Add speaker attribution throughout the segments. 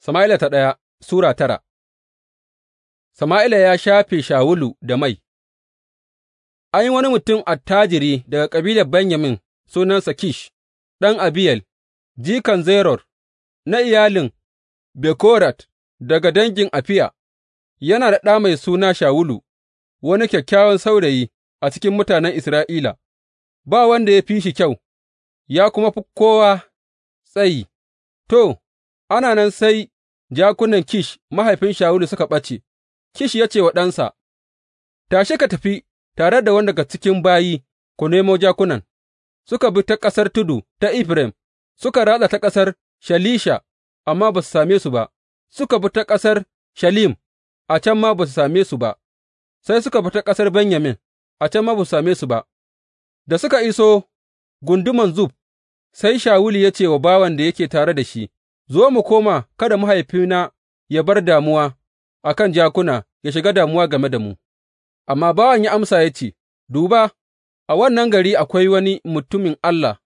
Speaker 1: Sama'ila ta ɗaya Sura tara Sama'ila ya shafe Shawulu da mai An yi wani mutum attajiri daga kabilar Benyamin sunansa Kish, ɗan Abiyel, jikan Zeror, na iyalin Bekorat daga dangin Afiya, yana da ɗa mai suna Shawulu, wani kyakkyawan saurayi a cikin mutanen Isra'ila, ba wanda ya fi shi kyau, ya kuma fi kowa tsayi, to, Ana nan sai jakunan Kish mahaifin Shawulu suka ɓace, Kish ya ce wa ɗansa, Tashi ka tafi tare da wani daga cikin bayi ku nemo jakunan, suka bi ta ƙasar tudu ta Ifrem, suka ratsa ta ƙasar Shalisha, amma ba su same su ba, suka bi ta ƙasar Shalim, a can ma ba su same su ba, sai suka bi ta ƙasar Benyamin, a can ma ba su same su ba. Da suka iso gunduman Zub, sai Shawulu ya ce wa bawan da yake tare da shi, Zo mu koma, kada mahaifina yă bar damuwa a kan jakuna yă shiga damuwa game da mu. Amma bawan ya amsa ya ce, Duba, a wannan gari akwai wani mutumin Allah,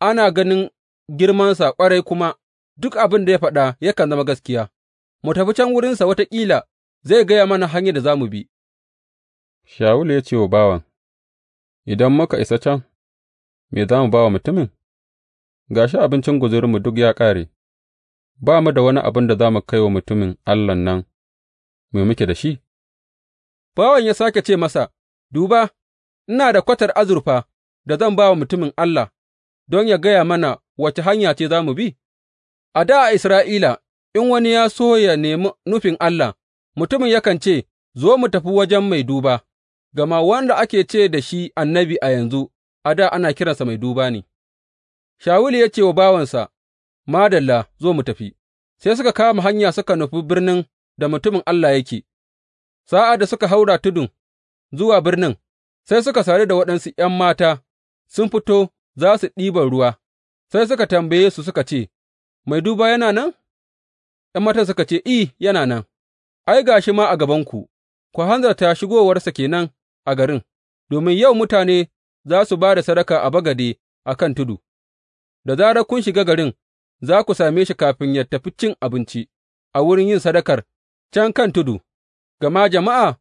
Speaker 1: ana ganin girmansa ƙwarai kuma duk abin da ya faɗa yakan zama gaskiya, mu tafi can wurinsa wataƙila zai gaya mana hanyar da za mu bi. Shawulu ya ce wa bawan, Idan muka isa can, me za mu ba wa mutumin? Ga shi abincin guzurinmu duk ya ƙare, Ba mu da wani abin da za mu kai wa mutumin Allah nan, mai muke da shi? Bawan ya sake ce masa, Duba, ina da kwatar azurfa da zan ba wa mutumin Allah don ya gaya mana wace hanya ce za mu bi? A da a Isra'ila, in wani ya so ya nemi nufin Allah, mutumin yakan ce, Zo mu tafi wajen mai duba, gama wanda ake ce da shi annabi a yanzu, a da ana kiransa mai duba ne. Shawulu ya ce wa bawansa, Madalla, zo mu tafi, sai suka kama hanya suka nufi birnin da mutumin Allah yake, sa'ad da suka haura tudun zuwa birnin, sai suka sare da waɗansu ’yan mata sun fito za su ɗiban ruwa, sai suka tambaye su suka ce, Mai duba yana nan? ’Yan matan suka ce, I, yana nan, ai, ga shi ma a gabanku, ku hanzarta shigowarsa kenan a garin, domin yau mutane za su ba da sadaka a bagade a kan tudu, da zarar kun shiga garin, za ku same shi kafin yă tafi cin abinci a wurin yin sadakar can kan tudu, gama jama'a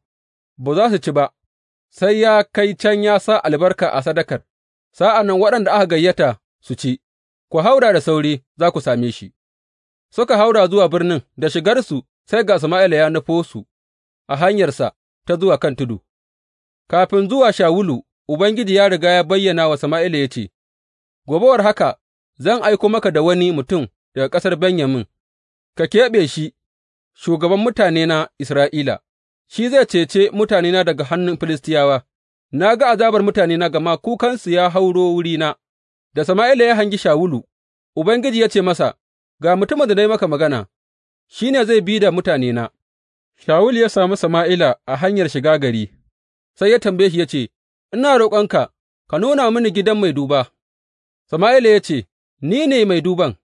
Speaker 1: ba za su ci ba, sai ya kai can ya sa albarka a sadakar, sa'an nan waɗanda aka gayyata su ci, ku haura da sauri za ku same shi. Suka haura zuwa birnin da shigarsu sai ga Sama'ila ya nufo su a hanyarsa ta zuwa kan tudu. Kafin zuwa Shawulu, Ubangiji ya riga ya bayyana wa Sama'ila ya ce, Gobe war haka Zan aiko maka da wani mutum daga ƙasar Benyamin, ka keɓe shi shugaban mutanena Isra'ila, shi zai cece mutanena daga hannun Filistiyawa, na ga azabar mutanena gama kukansu ya hauro wurina, da Sama'ila ya hangi Shawulu, Ubangiji ya ce masa, Ga mutumin da na yi maka magana, shi ne zai bi da mutanena. Shawulu ya sami Sama'ila a hanyar shiga gari, sai ya tambaye shi ya ce, Ina roƙonka, ka nuna mini gidan mai duba. Sama'ila ya ce, Ni ne mai duban,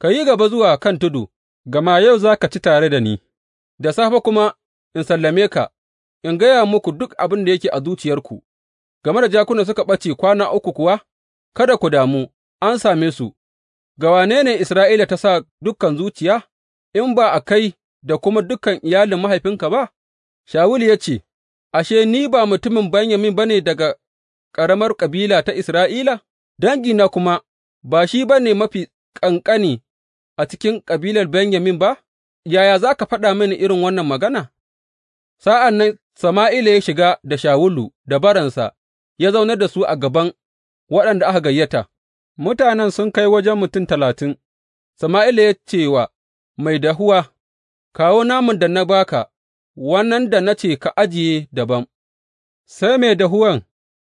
Speaker 1: ka yi gaba zuwa kan tudu, gama yau za ka ci tare da ni, da safe kuma in sallame ka, in gaya muku duk abin da yake a zuciyarku, game da jakunan suka ɓace kwana uku kuwa, kada ku damu, an same su, ga wane ne Isra'ila ta sa dukan zuciya, in ba a kai da kuma dukan iyalin mahaifinka ba? Shawulu ya ce, Ashe, ni ba mutumin Benyamin ba ne daga ƙaramar kabila ta Isra'ila, dangina kuma ba shi ba ne mafi ƙanƙani a cikin kabilar Benyamin ba, yaya za ka faɗa mini irin wannan magana? Sa'an nan Sama'ila ya shiga da Shawulu da baransa, ya zaunar da su a gaban waɗanda aka gayyata, mutanen sun kai wajen mutum talatin, Sama'ila ya ce wa mai dahuwa, Kawo naman da na baka, wannan da na ce ka ajiye daban, sai mai dahuwan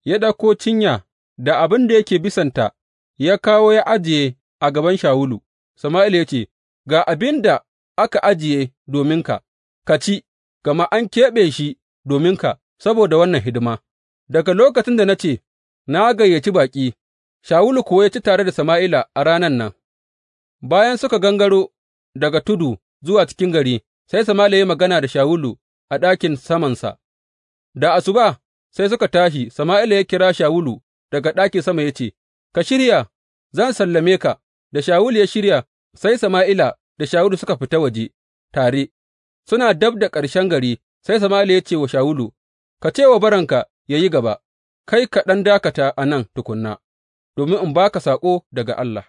Speaker 1: ya ɗauko cinya da abin da yake bisanta ya kawo ya ajiye a gaban Shawulu, Sama'ila ya ce, Ga abin da aka ajiye dominka, ka ci, gama an keɓe shi dominka saboda wannan hidima. Daga lokacin da na ce, Na gayyaci baƙi, Shawulu kuwa ya ci tare da Sama'ila a ranan nan, bayan suka gangaro daga tudu zuwa cikin gari, sai Sama'ila ya magana da Shawulu a ɗakin samansa. Da asuba sai suka tashi, Sama'ila ya kira Shawulu daga ɗakin sama ya ce, Ka shirya, zan sallame ka, da Shawulu ya shirya, sai Sama'ila da Shawulu suka fita waje tare, suna dab da ƙarshen gari, sai Sama'ila ya ce wa Shawulu, Ka ce wa baranka ya yi gaba, kai ka ɗan dakata a nan tukuna, domin in ba ka saƙo daga Allah.